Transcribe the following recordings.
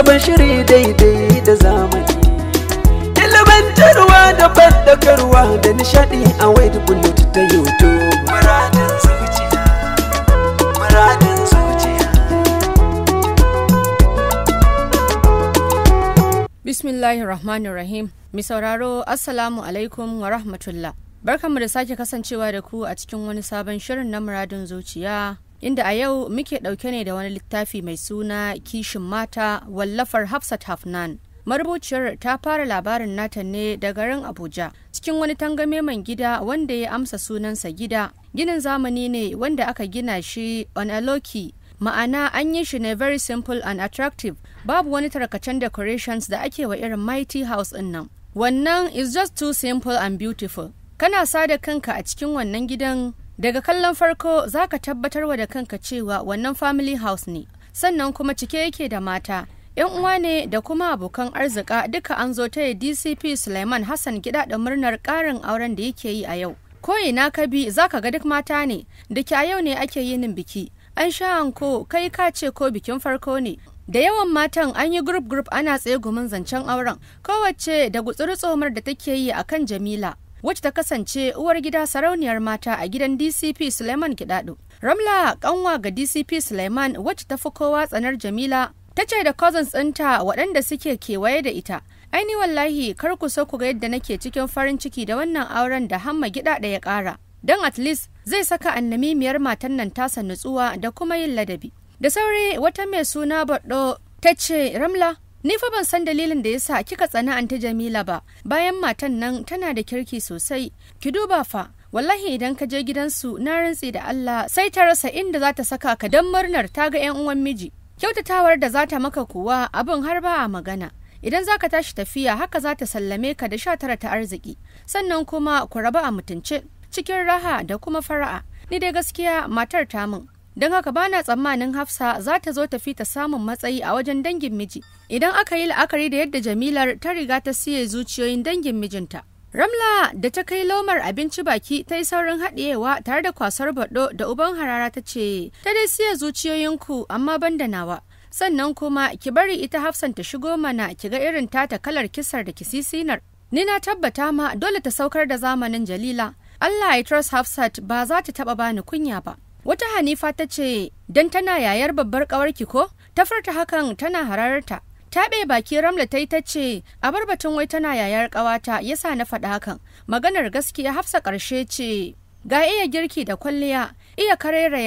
sabon shiri daidai da zamani ilimantarwa da bandakarwa da nishadi a wade bullet ta youtube muradin zuciya muradin zuciya bismillahir rahmanir rahim mi sauraro assalamu alaikum wa rahmatullah barkanmu da sake kasancewa da ku a cikin wani sabon shirin na muradin zuciya inda a yau muke ɗauke ne da wani littafi mai suna kishin mata wallafar Hafsat Hafnan. Marubuciyar ta fara labarin nata ne da garin Abuja cikin wani tangame man gida wanda ya amsa sunansa gida. Ginin zamani ne wanda aka gina shi on a loki ma'ana an yi shi ne very simple and attractive babu wani tarkacen decorations da ake wa irin mighty house din nan. Wannan is just too simple and beautiful. Kana sada kanka a cikin wannan gidan daga kallon farko za ka tabbatar wa da kanka cewa wannan family house ne sannan kuma cike yake da mata yan uwa ne da kuma abokan arzika duka an zo ta dcp suleiman hassan gida da murnar ƙarin auren da yake yi a yau ko ina ka bi za ka ga duk mata ne da ke a yau ne ake yin biki an sha anko kai ka ce ko bikin farko ne da yawan matan an yi grup grup ana tsaye gumin zancen auren kowace da gutsuri tsomar da take yi a kan jamila wacce ta kasance uwar gida sarauniyar mata a gidan DCP Suleiman Kidado. Ramla kanwa ga DCP Suleiman wacce ta fi kowa tsanar Jamila ta ce da cousins ɗinta waɗanda suke kewaye da ita. Aini wallahi kar ku so ku ga yadda nake cikin farin ciki da wannan auren da hamma gida ɗaya ya ƙara. Don at least zai saka annamimiyar matan nan tasa nutsuwa da kuma yin ladabi. Da sauri wata mai suna baɗo ta ce Ramla Ni fa ban san dalilin da yasa kika tsana anta Jamila ba, bayan matan nan tana da kirki sosai. Ki duba fa, wallahi idan ka je gidansu na rantse da Allah sai ta rasa inda za ta saka ka dan murnar ta ga 'yan uwan miji. Kyautatawar da za ta maka kuwa abin har ba a magana. Idan za ka tashi tafiya haka za ta sallame ka da sha tara ta arziki, sannan kuma ku raba a mutunce, cikin raha da kuma fara'a. Ni dai gaskiya matar ta min, don haka bana tsammanin hafsa za ta zo tafi ta samun matsayi a wajen dangin miji idan aka yi la'akari da yadda jamilar ta riga ta siya zuciyoyin dangin mijinta ramla da ta kai lomar abinci baki ta yi saurin haɗiyewa tare da kwasar baɗo da uban harara ta ce ta dai siya zuciyoyinku amma ban da nawa sannan kuma ki bari ita hafsan ta shigo mana ki ga irin tata kalar kisar da ki sisinar. ni na tabbata ma dole ta saukar da zamanin jalila allah ya trust hafsat ba za ta taɓa bani kunya ba wata hanifa ta ce don tana yayar babbar ƙawarki ko ta furta hakan tana hararta taɓe baki ramla ta yi ta ce a bar batun wai tana yayar ƙawata yasa na faɗa hakan maganar gaskiya hafsa ƙarshe ce ga iya girki da kwalliya iya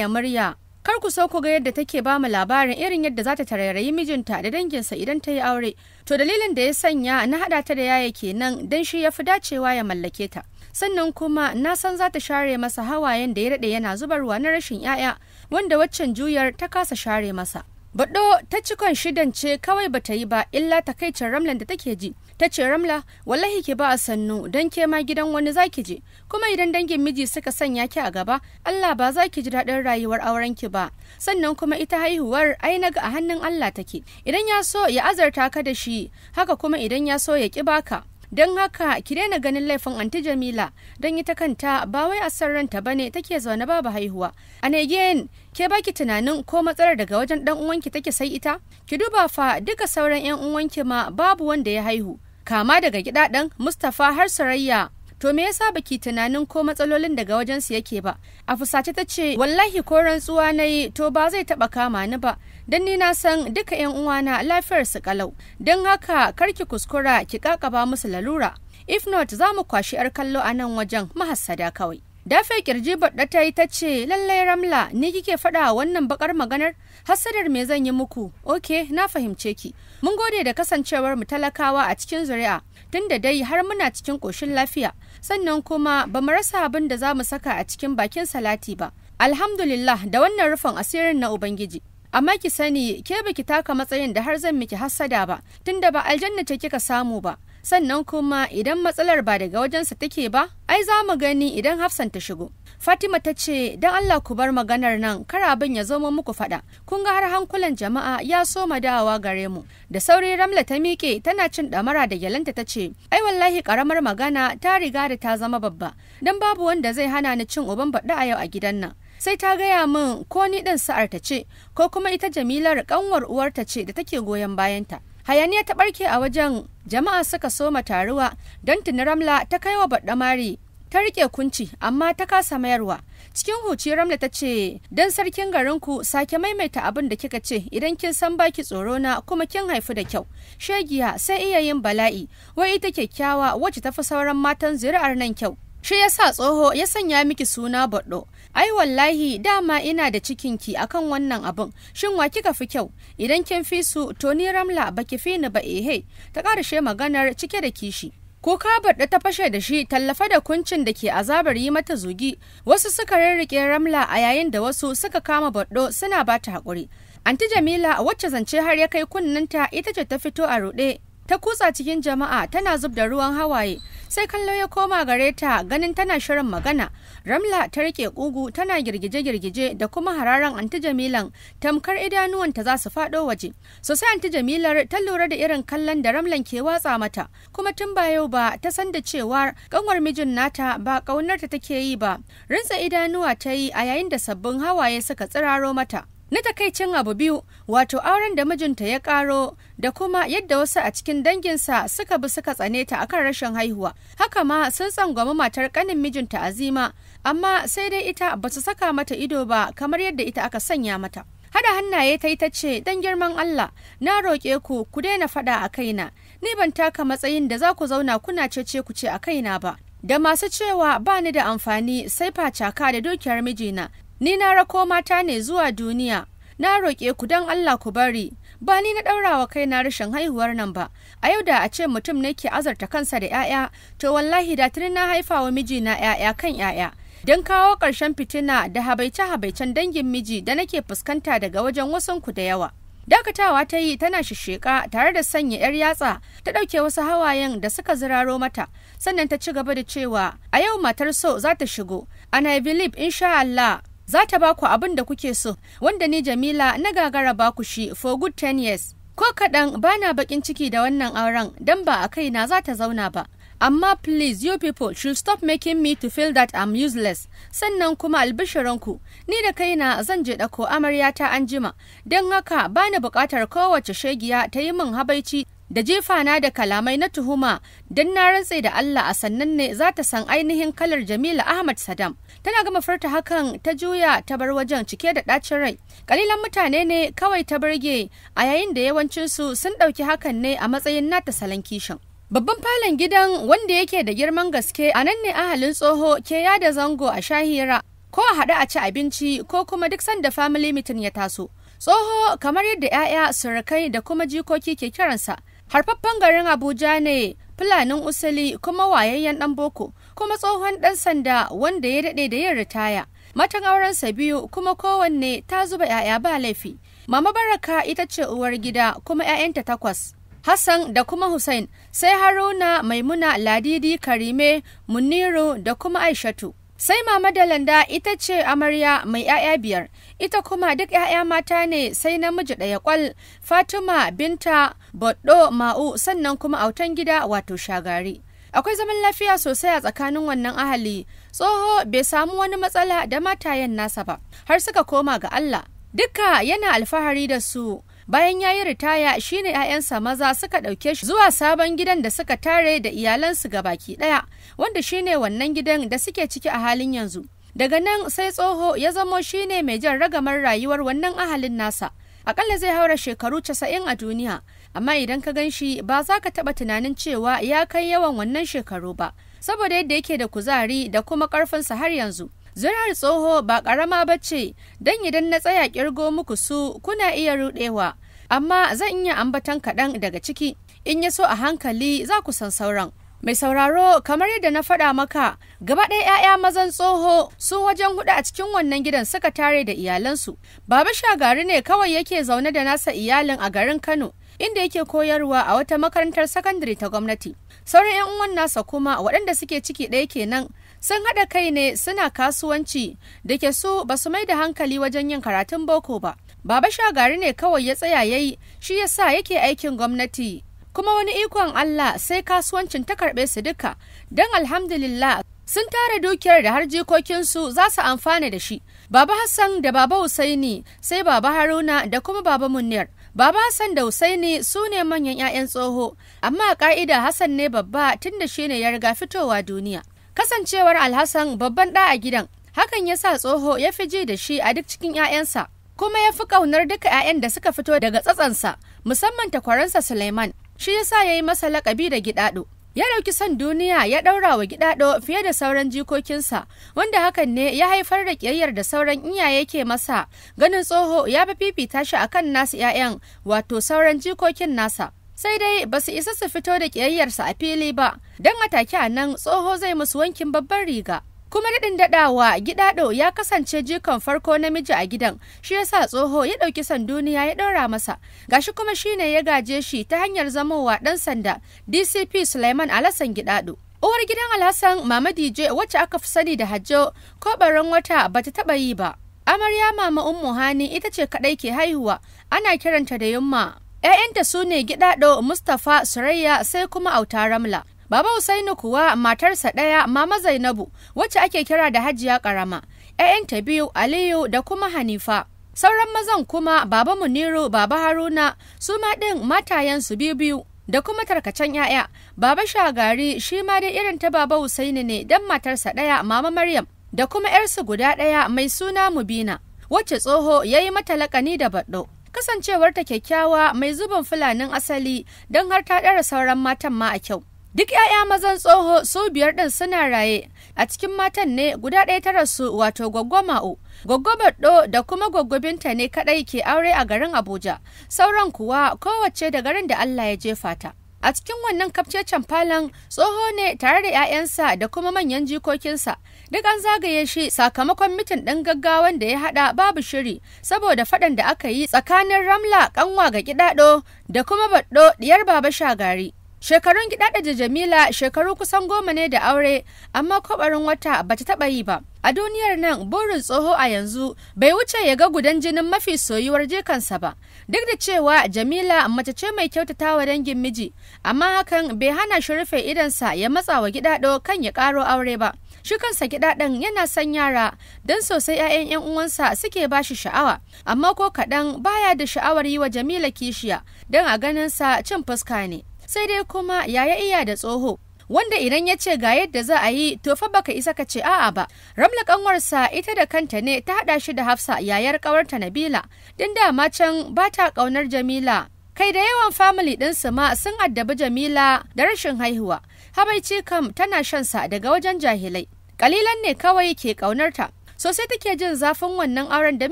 ya murya Kar ku so ku ga yadda take ba mu labarin irin yadda za ta tarairayi mijinta da danginsa idan ta yi aure. To dalilin da ya sanya na haɗa ta da yaya kenan don shi ya fi dacewa ya mallake ta. Sannan kuma na san za ta share masa hawayen da ya daɗe yana zubarwa na rashin 'ya'ya wanda waccan juyar ta kasa share masa. Baɗo ta cikon shidan ce kawai bata yi ba illa takaicin ramlan da take ji. ta ce ramla wallahi ki ba a sannu don ke ma gidan wani zaki je kuma idan dangin miji suka sanya ki a gaba allah ba za ki ji daɗin rayuwar auren ki ba sannan kuma ita haihuwar ai naga a hannun allah take idan ya so ya azarta ka da shi haka kuma idan ya so ya ki baka don haka ki daina ganin laifin anti jamila don ita kanta ba wai a san ranta ba ne take zaune babu haihuwa a negen ke baki tunanin ko matsalar daga wajen dan uwanki take sai ita ki duba fa duka sauran yan uwanki ma babu wanda ya haihu kama daga gidaɗen mustapha har sarayya to me yasa baki tunanin ko matsalolin daga wajensu yake ba a fusace ta ce wallahi ko rantsuwa na yi to ba zai taɓa kama ni ba don ni na san duka yan uwana lafiyar su kalau don haka karki kuskura ki kakaba musu lalura if not za mu kwashi yar kallo a nan wajen mahassada kawai dafe kirji baɗa ta yi ta ce lallai ramla ni kike faɗa wannan baƙar maganar hassadar me zan yi muku ok na fahimce ki Mun gode da kasancewar mu talakawa a cikin zuri'a tunda dai har muna cikin ƙoshin lafiya sannan kuma ba mu rasa abin da za mu saka a cikin bakin salati ba. Alhamdulillah da wannan rufin asirin na Ubangiji. Amma ki sani ke baki taka matsayin da har zan miki hassada ba tunda ba aljanna ce kika samu ba. Sannan kuma idan matsalar ba daga wajensa take ba, ai za mu gani idan Hafsan ta shigo. Fatima ta ce, "Don Allah ku bar maganar nan, kar abin ya zama muku faɗa. Kun ga har hankulan jama'a ya soma dawowa gare mu." Da sauri Ramla ta miƙe tana cin ɗamara da gyalanta ta ce, "Ai wallahi ƙaramar magana ta riga da ta zama babba, don babu wanda zai hana ni cin uban baɗi a yau a gidan nan." sai ta gaya min ko ni ɗin sa'ar ta ce ko kuma ita jamilar ƙanwar uwarta ce da take goyon bayanta hayaniya ta ɓarke a wajen jama'a suka soma taruwa don tuni ramla ta kai wa baɗamari ta rike kunci amma ta kasa mayarwa cikin huci ramla ta ce dan sarkin garinku sake maimaita abin da kika ce idan kin san baki tsoro na kuma kin haifi da kyau shegiya sai iya yin bala'i wai ita kyakkyawa wacce tafi sauran matan zuri'ar nan kyau shi ya sa tsoho ya sanya miki suna baɗo ai wallahi dama ina da cikinki akan wannan abun shin wa kika fi kyau idan kin fi su to ni ramla baki fi ni ba ehe ta ƙarashe maganar cike da kishi ko kabar da ta fashe da shi tallafa da kuncin da ke azabar yi mata zugi wasu suka rirrike ramla a yayin da wasu suka kama baddo suna ba ta haƙuri anti jamila wacce zance har ya kai kunninta ita ce ta fito a ruɗe ta kutsa cikin jama'a tana zub da ruwan hawaye sai kallo ya koma gare ta ganin tana shirin magana Ramla ta rike kugu tana girgije-girgije da kuma hararan anti Jamilan tamkar idanuwanta za su faɗo waje. Sosai anti Jamilar ta lura da irin kallon da Ramlan ke watsa mata kuma tun ba yau ba ta san da cewa kanwar mijin nata ba ƙaunarta take yi ba. Rinsa idanuwa ta yi a yayin da sabbin hawaye suka tsiraro mata. na takaicin abu biyu wato auren da mijinta ya karo da kuma yadda wasu a cikin danginsa suka bi suka tsane ta akan rashin haihuwa haka ma sun tsangwami matar kanin mijinta azima amma sai dai ita ba su saka mata ido ba kamar yadda ita aka sanya mata. Hada hannaye ta yi ta ce, "Don girman Allah, na roƙe ku ku daina faɗa a kaina, ni ban taka matsayin da za ku zauna kuna cece ku ce a kaina ba." Da masu cewa ba ni da amfani sai facaka da dukiyar mijina, ni na rako mata ne zuwa duniya, na roƙe ku don Allah ku bari, ba ni na ɗaurawa kaina rashin haihuwar nan ba a yau da a ce mutum nake azarta kansa da 'ya'ya to wallahi da na haifa wa mijina 'ya'ya kan 'ya'ya don kawo ƙarshen fitina da habaice-habaicen dangin miji da nake fuskanta daga wajen wasanku da yawa. Dakatawa ta yi tana shisheka tare da sanya 'yar yatsa ta ɗauke wasu hawayen da suka ziraro mata sannan ta ci gaba da cewa a yau matar so za ta shigo and I believe insha Allah za ta ba ku abin da kuke so wanda ni Jamila na gagara baku shi for good ten years. Ko kaɗan bana baƙin ciki da wannan auren don ba a kaina za ta zauna ba. Amma please you people should stop making me to feel that I'm useless. Sannan kuma albishiranku ni da kaina zan je ɗako amaryata anjima, don haka bani buƙatar kowace shegiya ta yi min habaici da jefana da kalamai na tuhuma don na rantse da Allah a sannan ne za ta san ainihin kalar Jamila Ahmad Saddam. Tana gama furta hakan ta juya ta bar wajen cike da ɗacin rai. Kalilan mutane ne kawai ta burge a yayin da yawancinsu sun ɗauki hakan ne a matsayin nata salon kishin. Babban falon gidan wanda yake da girman gaske a nan ne ahalin tsoho ke yada zango a shahira ko a haɗu a ci abinci ko kuma duk sanda family meeting ya taso. Tsoho kamar yadda 'ya'ya surukai da kuma jikoki ke kiransa. Harfaffen garin Abuja ne fulanin usali kuma wayayyen ɗan boko kuma tsohon ɗan sanda wanda ya daɗe da yin ritaya. Matan aurensa biyu kuma kowanne ta zuba 'ya'ya ba laifi. Mama Baraka ita ce uwar gida kuma 'ya'yanta takwas. Hassan da kuma Hussein, sai Haruna, Maimuna, Ladidi, Karime, Muniru da kuma Aishatu. Sai Mama da Landa ita ce amarya mai ‘ya'ya biyar, ita kuma duk ‘ya'ya mata ne sai namiji ɗaya kwal, Fatima, Binta, Boddo, Ma'u, sannan kuma autan gida wato shagari. akwai zaman lafiya sosai a tsakanin wannan ahali tsoho bai samu wani matsala da matayen nasa ba har suka koma ga Allah dukka yana alfahari da su bayan ya yi ritaya shine 'ya'yansa maza suka ɗauke shi zuwa sabon gidan da suka tare da iyalansu ga baki ɗaya wanda shine wannan gidan da suke ciki a halin yanzu daga nan sai tsoho ya zamo shine mai jan ragamar rayuwar wannan ahalin nasa akalla zai haura shekaru casa'in a duniya amma idan ka gan shi ba za ka taɓa tunanin cewa ya kai yawan wannan shekaru ba saboda yadda yake da kuzari da kuma ƙarfinsa har yanzu zirar tsoho ba ƙarama ba ce, don idan na tsaya ƙirgo muku su kuna iya ruɗewa, amma zan iya ambatan kaɗan daga ciki, in ya so a hankali za ku san sauran. Mai sauraro kamar yadda na faɗa maka gaba ɗaya 'ya'ya mazan tsoho sun wajen hudu a cikin wannan gidan suka tare da iyalansu. Baba Shagari ne kawai yake zaune da nasa iyalin a garin Kano inda yake koyarwa a wata makarantar sakandare ta gwamnati. Sauran 'yan uwan nasa kuma waɗanda suke ciki ɗaya kenan sun haɗa kai ne suna kasuwanci da ke su ba su mai da hankali wajen yin karatun boko ba baba shagari ne kawai ya tsaya ya yi shi ya sa yake aikin gwamnati kuma wani ikon allah sai kasuwancin ta karɓe su duka don alhamdulillah sun tara dukiyar da har jikokinsu za su amfana da shi baba hassan da baba Usaini sai baba haruna da kuma baba munir Baba Hassan da Husaini su ne manyan 'ya'yan tsoho, amma ƙa'ida Hassan ne babba tun da shi ne ya riga fitowa duniya. kasancewar alhassan babban ɗa a gidan hakan ya sa tsoho ya fi ji da shi a duk cikin 'ya'yansa kuma ya fi ƙaunar duka 'ya'yan da suka fito daga tsatsansa musamman takwaransa suleiman shi ya sa ya yi masa lakabi da gidaɗo ya ɗauki son duniya ya ɗaura wa gidaɗo fiye da sauran jikokinsa wanda hakan ne ya haifar da ƙiyayyar da sauran iyaye ke masa ganin tsoho ya fi fifita shi akan nasu 'ya'yan wato sauran jikokin nasa sai dai ba su isa su fito da ƙiyayyarsa a fili ba don a take a nan tsoho zai musu wankin babban riga kuma daɗin daɗawa gidaɗo ya kasance jikon farko namiji a gidan shi yasa tsoho ya ɗauki sanduniya ya ɗora masa gashi kuma shine ya gaje shi ta hanyar zamowa ɗan sanda dcp suleiman alasan gidaɗo uwar gidan alhassan mama dj wacce aka fi sani da hajjo ko barin wata bata taɓa yi ba amarya mama ummu hani ita ce kaɗai ke haihuwa ana kiranta da yumma 'Ya'yanta su ne Gidaɗo Mustapha Surayya sai kuma Auta Ramla. Baba Usainu kuwa matarsa ɗaya Mama Zainabu wacce ake kira da Hajiya Karama, ‘ya'yanta biyu Aliyu da kuma Hanifa. Sauran mazan kuma Baba Muniru, Baba Haruna, su ma ɗin matayensu biyu biyu da kuma tarkacen ‘ya'ya. Baba Shagari shi ma dai irin ta Baba Usainu ne don matarsa ɗaya Mama Maryam da kuma ‘yarsu guda ɗaya mai suna Mubina, wacce tsoho ya yi mata laƙani da baɗo. kasancewarta kyakkyawa mai zubin fulanin asali don har ta ɗara sauran matan ma a kyau Duk 'ya'ya mazan tsoho su biyar ɗin suna raye a cikin matan ne guda ɗaya ta rasu wato gwaggwama'u. Gwaggwamar ɗo da kuma gwaggwabinta ne kaɗai ke aure a garin Abuja, sauran kuwa kowace da garin da Allah ya jefa ta. A cikin wannan kafcecen falon tsoho ne tare da 'ya'yansa da kuma manyan jikokinsa duk an zagaye shi sakamakon mitin ɗin gaggawan da ya haɗa babu shiri saboda faɗan da aka yi tsakanin ramla kanwa ga gidaɗo da kuma baɗo ɗiyar baba shagari shekarun gidaɗa da jamila shekaru kusan goma ne da aure amma kwabarin wata bata taɓa yi ba a duniyar nan burin tsoho a yanzu bai wuce ya ga gudan jinin mafi soyuwar jikansa ba duk da cewa jamila mace ce mai kyautatawa dangin miji amma hakan bai hana shi rufe idansa ya matsa wa gidado kan ya karo aure ba shi kansa gidaɗen yana son yara don sosai 'ya'yan 'yan uwansa suke ba shi sha'awa amma ko kaɗan baya da sha'awar yi wa jamila kishiya don a ganin sa cin fuska ne sai dai kuma yaya iya da tsoho wanda idan ya ce ga yadda za a yi to fa baka isa ka ce a'a ba ramla kanwarsa ita da kanta ne ta hada shi da hafsa yayar kawarta nabila din dama can ba ta kaunar jamila kai da yawan famili su ma sun addabi jamila da rashin haihuwa habaici kam tana shan sa daga wajen jahilai kalilan ne kawai ke ƙaunarta. sosai take jin zafin wannan auren da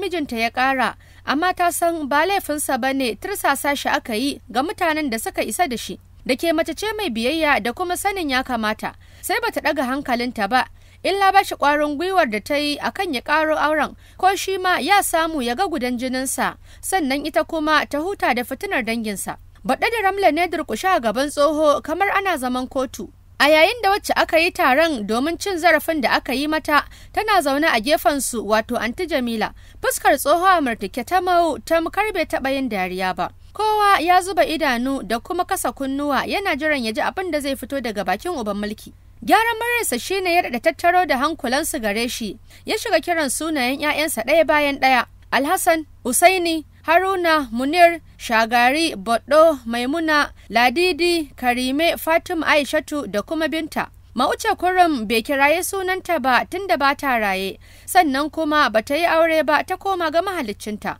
mijinta ya ƙara amma ta san ba laifinsa ba ne tursasa shi aka yi ga mutanen da suka isa da shi da ke mace ce mai biyayya da kuma sanin ya kamata sai bata ɗaga hankalinta ba illa ba shi ƙwarin gwiwar da ta yi akan ya ƙaro auren ko shi ma ya samu ya ga gudan jininsa sannan ita kuma ta huta da fitinar danginsa. Baɗa da Ramla ne durƙushe a gaban tsoho kamar ana zaman kotu. a yayin da wacce aka yi taron domin cin zarafin da aka yi mata tana zaune a gefen su wato anti jamila fuskar tsohuwa murtuke ta mau tamkar bai taɓa yin dariya ba kowa ya zuba idanu da kuma kasa kunnuwa yana jiran ya ji abin da zai fito daga bakin uban mulki gyaran muryarsa shine ya da tattaro da hankulansu gare shi ya shiga kiran sunayen 'ya'yansa ɗaya bayan ɗaya alhassan usaini Haruna Munir Shagari Boddo Maimuna Ladidi Karime Fatima Aishatu da kuma binta. Mauce kurum bai kiraye sunanta ba tun da ba ta raye, sannan kuma ba ta yi aure ba ta koma ga mahaliccinta.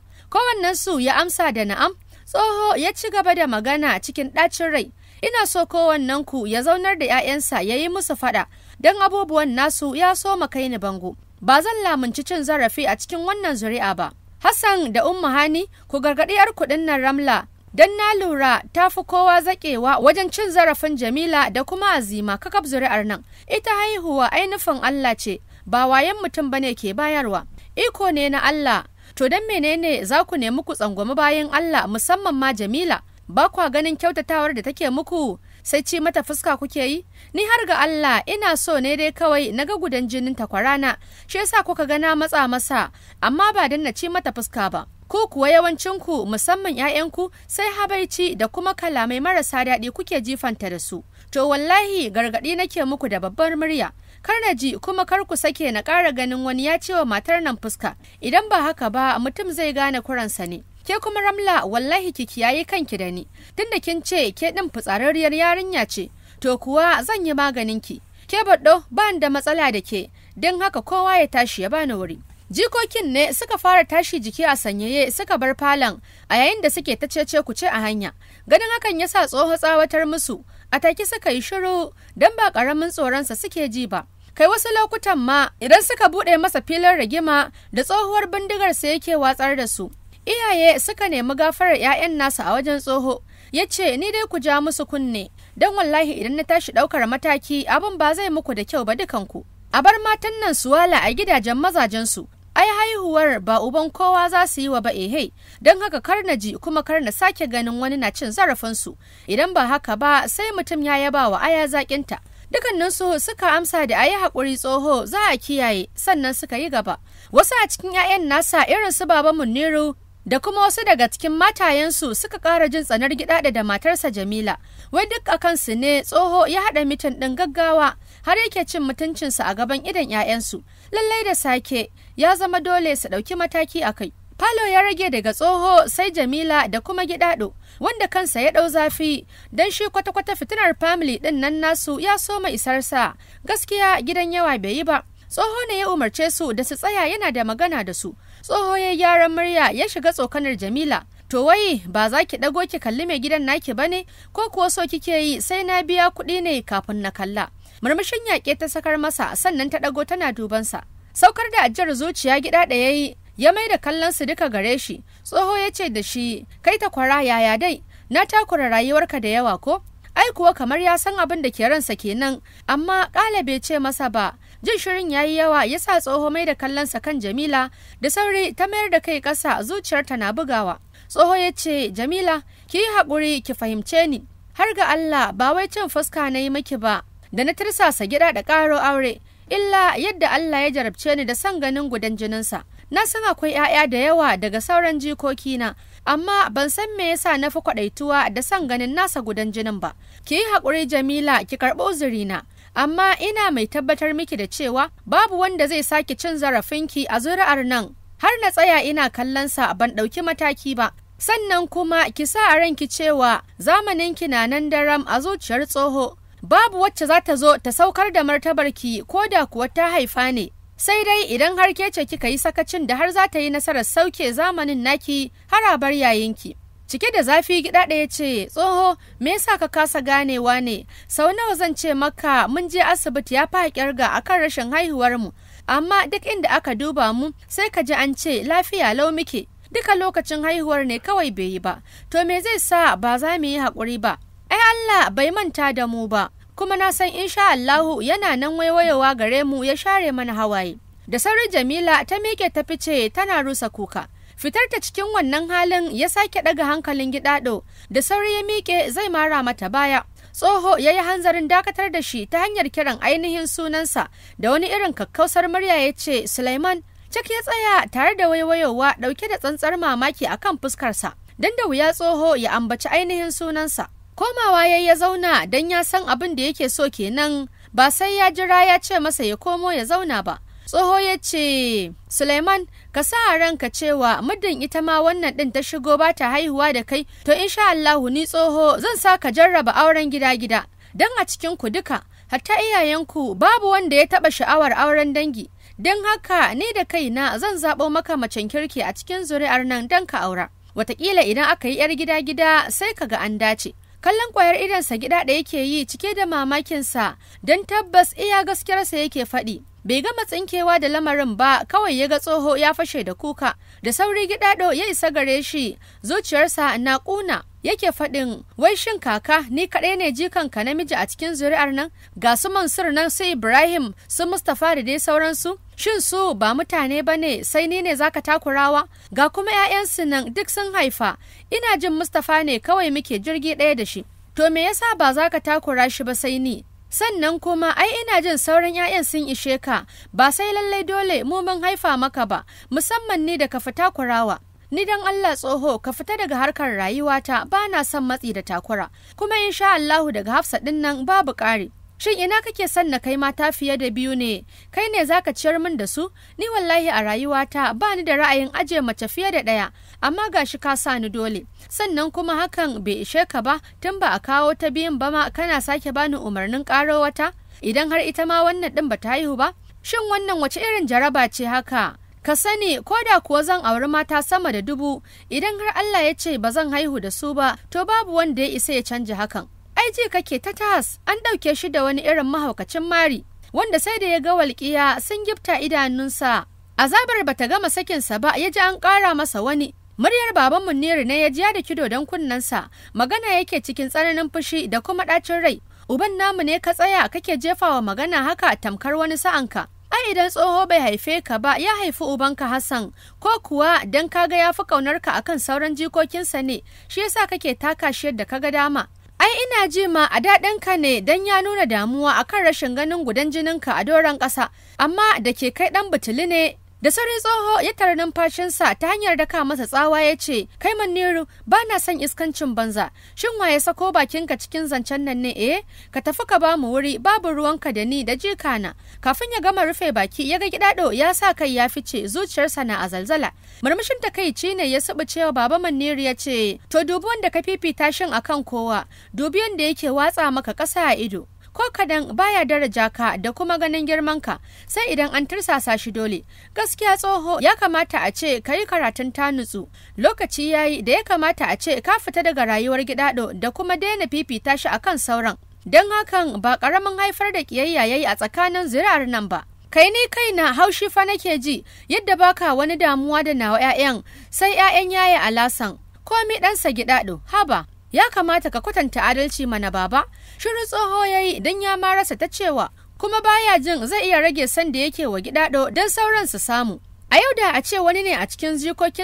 su ya amsa da na'am, tsoho ya ci gaba da magana cikin ɗacin rai. Ina so ku ya zaunar da 'ya'yansa ya yi musu faɗa, don abubuwan nasu ya so kai ni bango. Ba zan lamunci cin zarafi a cikin wannan zuri'a ba. Hassan da Umma Hani ku gargaɗi 'yar kuɗin nan Ramla don na lura ta fi kowa zaƙewa wajen cin zarafin Jamila da kuma azima kakab zuri'ar nan. Ita haihuwa ainihin Allah ce ba wayan mutum bane ke bayarwa. Iko ne na Allah to don menene za ku nemi ku tsangwami bayan Allah musamman ma Jamila ba kwa ganin kyautatawar da take muku sai ci mata fuska kuke yi ni har ga Allah ina so ne dai kawai na ga gudan jinin ta kwarana shi yasa kuka ga na matsa masa amma ba dan na ci mata fuska ba ku kuwa yawancin ku musamman 'ya'yanku sai habaici da kuma kalamai marasa daɗi kuke jifanta da su to wallahi gargaɗi nake muku da babbar murya kar na ji kuma kar ku sake na ƙara ganin wani ya ce wa matar nan fuska idan ba haka ba mutum zai gane kuransa ne Ke kuma Ramla wallahi ki kiyaye kanki da ni. Tunda kin ce ke din fitsararriyar yarinya ce, to kuwa zan yi maganin ki. Ke baddo ba da matsala da ke, don haka kowa ya tashi ya bani wuri. Jikokin ne suka fara tashi jiki a sanyaye suka bar falon a yayin da suke ta cece ku ce a hanya. Ganin hakan ya sa tsoho tsawatar musu, a take suka yi shiru don ba ƙaramin tsoronsa suke ji ba. kai wasu lokutan ma idan suka buɗe masa filin rigima da tsohuwar bindigar sa yake watsar da su iyaye suka nemi gafarar 'ya'yan nasu a wajen tsoho ya ce ni dai ku ja musu kunne don wallahi idan na tashi ɗaukar mataki abin ba zai muku da kyau ba dukanku a bar matan nan suwala a gidajen mazajensu ai haihuwar ba uban kowa za su yi wa ba ehe don haka kar na ji kuma kar na sake ganin wani na cin zarafinsu idan ba haka ba sai mutum ya yaba wa aya zaƙinta dukanninsu suka amsa da a yi haƙuri tsoho za a kiyaye sannan suka yi gaba wasu a cikin 'ya'yan nasa irin su baba muniru da kuma wasu daga cikin matayensu suka kara jin tsanar gida da matarsa Jamila, wai duk a kansu ne tsoho ya haɗa mitin ɗin gaggawa har yake cin mutuncinsa a gaban idon 'ya'yansu. Lallai da sake ya zama dole su ɗauki mataki a kai. Falo ya rage daga tsoho sai Jamila da kuma gidaɗo, wanda kansa ya ɗau zafi, don shi kwata-kwata fitinar famili ɗin nan nasu ya soma isarsa, gaskiya gidan yawa bai yi ba. tsoho ne ya umarce su da su tsaya yana da magana da su tsoho ya gyaran murya ya shiga tsokanar jamila to wai ba za ki ɗago ki kalli mai gidan naki ba ne ko kuwa so kike yi sai na biya kuɗi ne kafin na kalla murmushin yaƙe ta sakar masa sannan ta ɗago tana duban sa saukar da ajiyar zuciya gida ɗaya yi ya mai da kallon su duka gare shi tsoho ya ce da shi kai ta kwara yaya dai na takura rayuwarka da yawa ko ai kuwa kamar ya san abin da ke ransa kenan amma kalabe ce masa ba jin shirin ya yi yawa ya sa tsoho mai da kallonsa kan jamila da sauri ta mayar da kai ƙasa zuciyarta na bugawa tsoho ya ce jamila ki yi haƙuri ki fahimce ni har ga allah ba wai cin fuska na yi miki ba da na tirsasa gida da ƙaro aure illa yadda allah ya jarabce ni da san ganin gudan jininsa na san akwai 'ya'ya da yawa daga sauran jikoki na amma ban san me yasa na fi kwaɗaituwa da san ganin nasa gudan jinin ba ki yi haƙuri jamila ki karɓi uzurina amma ina mai tabbatar miki da cewa babu wanda zai sake cin zarafinki a zuri'ar nan har na tsaya ina kallon sa ban ɗauki mataki ba sannan kuma ki sa a ranki cewa zamanin ki na nan daram a zuciyar tsoho babu wacce za ta zo ta saukar da martabarki ko da kuwa ta haifa ne sai dai idan har ke kika yi sakacin da har za ta yi nasarar sauke zamanin naki harabar yayinki cike da zafi gida ɗaya ce tsoho me yasa ka kasa ganewa ne sau nawa zan ce maka mun je asibiti ya fa kirga akan rashin haihuwar mu amma duk inda aka duba mu sai ka ji an ce lafiya lau muke duka lokacin haihuwar ne kawai bai yi ba to me zai sa ba za mu yi haƙuri ba ai Allah bai manta da mu ba kuma na san insha Allahu yana nan waiwayowa gare mu ya share mana hawaye da sauri Jamila ta miƙe ta fice tana rusa kuka Fitar ta cikin wannan halin ya sake ɗaga hankalin gidado, da sauri ya miƙe zai mara mata baya. Tsoho ya yi hanzarin dakatar da shi ta hanyar kiran ainihin sunansa da wani irin kakkausar murya ya ce Suleiman. Cik ya tsaya tare da waiwayowa ɗauke da tsantsar mamaki a kan fuskarsa, don da wuya tsoho ya ambaci ainihin sunansa. Komawa ya ya zauna don ya san abin da yake so kenan ba sai ya jira ya ce masa ya komo ya zauna ba. Tsoho ya ce, Suleiman, ka sa a ranka cewa muddin ita ma wannan ɗin ta shigo ba ta haihuwa da kai, to in sha Allahu ni tsoho zan sa ka jarraba auren gida-gida, don a cikin ku duka, hatta iyayenku babu wanda ya taɓa sha'awar auren dangi. Don haka ni da kai na zan zaɓo maka macen kirki a cikin zuri'ar nan don ka aura. Wataƙila idan aka yi 'yar gida-gida sai ka ga an dace. kallon kwayar idonsa gida da yake yi cike da mamakinsa don tabbas iya gaskiyarsa yake faɗi bai gama tsinkewa da lamarin ba kawai ya ga tsoho ya fashe da kuka da sauri gidado ya isa gare shi zuciyarsa na kuna yake faɗin wai shin kaka ni kaɗai ne jikanka namiji a cikin zuri'ar nan ga su mansur nan su ibrahim su mustapha da dai sauransu shin su ba mutane ba ne sai ni ne zaka takurawa ga kuma 'ya'yansu nan duk sun haifa ina jin mustapha ne kawai muke jirgi ɗaya da shi to me yasa ba za ka takura shi ba sai ni sannan kuma ai ina jin sauran 'ya'yan sun ishe ka ba sai lallai dole mu mun haifa maka ba musamman ni da ka fita kurawa ni dan Allah tsoho ka fita daga harkar rayuwata ba na son matsi da takura kuma insha Allahu daga Hafsa din nan babu ƙari Shin ina kake son na kai mata fiye da biyu ne? Kai ne zaka ciyar min da su? Ni wallahi a rayuwata ba ni da ra'ayin aje mace fiye da ɗaya, amma gashi ka sa ni dole. Sannan kuma hakan bai ishe ka ba tun ba a kawo ta biyun ba ma kana sake bani umarnin ƙaro wata? Idan har ita ma wannan ɗin ba ta haihu ba? Shin wannan wace irin jaraba ce haka? Ka sani ko da kuwa zan auri mata sama da dubu idan har Allah ya ce ba zan haihu da su ba to babu wanda ya isa ya canja hakan. ai ji kake ta tas an ɗauke shi da wani irin mahaukacin mari wanda sai da ya ga walƙiya sun gifta idanunsa azabar ta gama sakinsa ba ya ji an ƙara masa wani muryar baban niri ne ya jiya da kido don kunnensa magana yake cikin tsananin fushi da kuma ɗacin rai uban namu ne ka tsaya kake jefawa magana haka tamkar wani sa'anka ai idan tsoho bai haife ka ba ya haifi ubanka Hassan ko kuwa dan kaga ya fi kaunar akan sauran jikokinsa ne shi yasa kake taka shi yadda kaga dama Ai ina ji ma a daɗin ka ne don ya nuna damuwa akan rashin ganin gudan jininka a doron ƙasa, amma da ke kai ɗan butuli ne da sauri tsoho ya tara numfashinsa ta hanyar daka masa tsawa ya ce kai maniru ba na son iskancin banza shin waye sako bakinka cikin zancen nan ne eh ka tafi ka ba mu wuri babu ruwanka da ni da jikana kafin ya gama rufe baki ya ga gidado ya sa kai ya fice zuciyarsa na a zalzala murmushin takaici ne ya saba cewa baba maniru ya ce to dubi wanda ka fifita shin akan kowa dubi wanda yake watsa maka ƙasa a ido ko kadan baya daraja ka da kuma ganin girman ka sai idan an tursasa shi dole gaskiya tsoho ya kamata a ce ka yi karatun ta nutsu lokaci ya yi da ya kamata a ce ka fita daga rayuwar gidado da kuma daina fifita shi akan sauran don hakan ba karamin haifar da kiyayya yayi a tsakanin zirar nan ba kai ni na haushi fa nake ji yadda baka wani damuwa da nawa 'ya'yan sai 'ya'yan yaya alasan komi ɗansa gidado haba ya kamata ka kwatanta adalci mana baba shirin tsoho ya yi don ya ma rasa ta cewa kuma baya jin zai iya rage san da yake wa gidado don sauran su samu a yau da a ce wani ne a cikin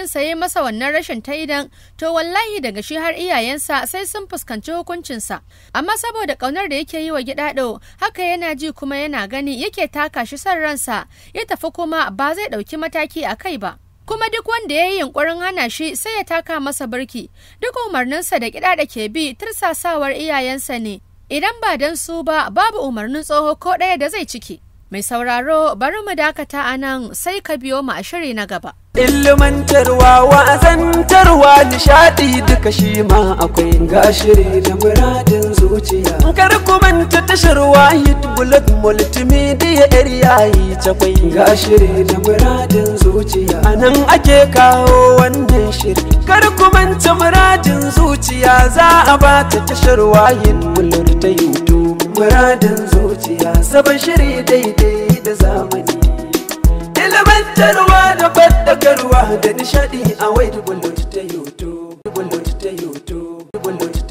sa ya masa wannan rashin ta idan to wallahi daga shi har iyayensa sai sun fuskanci hukuncinsa amma saboda kaunar da yake yi wa gidado haka yana ji kuma yana gani yake taka shi son ransa ya tafi kuma ba zai ɗauki mataki a kai ba kuma duk wanda ya yi yunkurin hana shi sai ya taka masa birki duk umarninsa da kiɗa da ke bi tursasawar iyayensa ne idan ba don su ba babu umarnin tsoho ko ɗaya da zai ciki mai sauraro bari mu dakata a nan sai ka biyo mu a shiri na gaba Ilmantarwa wa'azantarwa nishaɗi duka shi ma akwai gashiri da muradin zuciya Kar ku manta tashar wahid bullet multimedia area yi cakwai gashiri da muradin zuciya A nan ake kawo wannan shiri Kar ku manta muradin zuciya za a ba ta tashar wahid bullet ta YouTube Muradin zuciya sabon shiri daidai da zamani Ilimantarwa da fadakarwa da nishadi a wai yoto, yoto,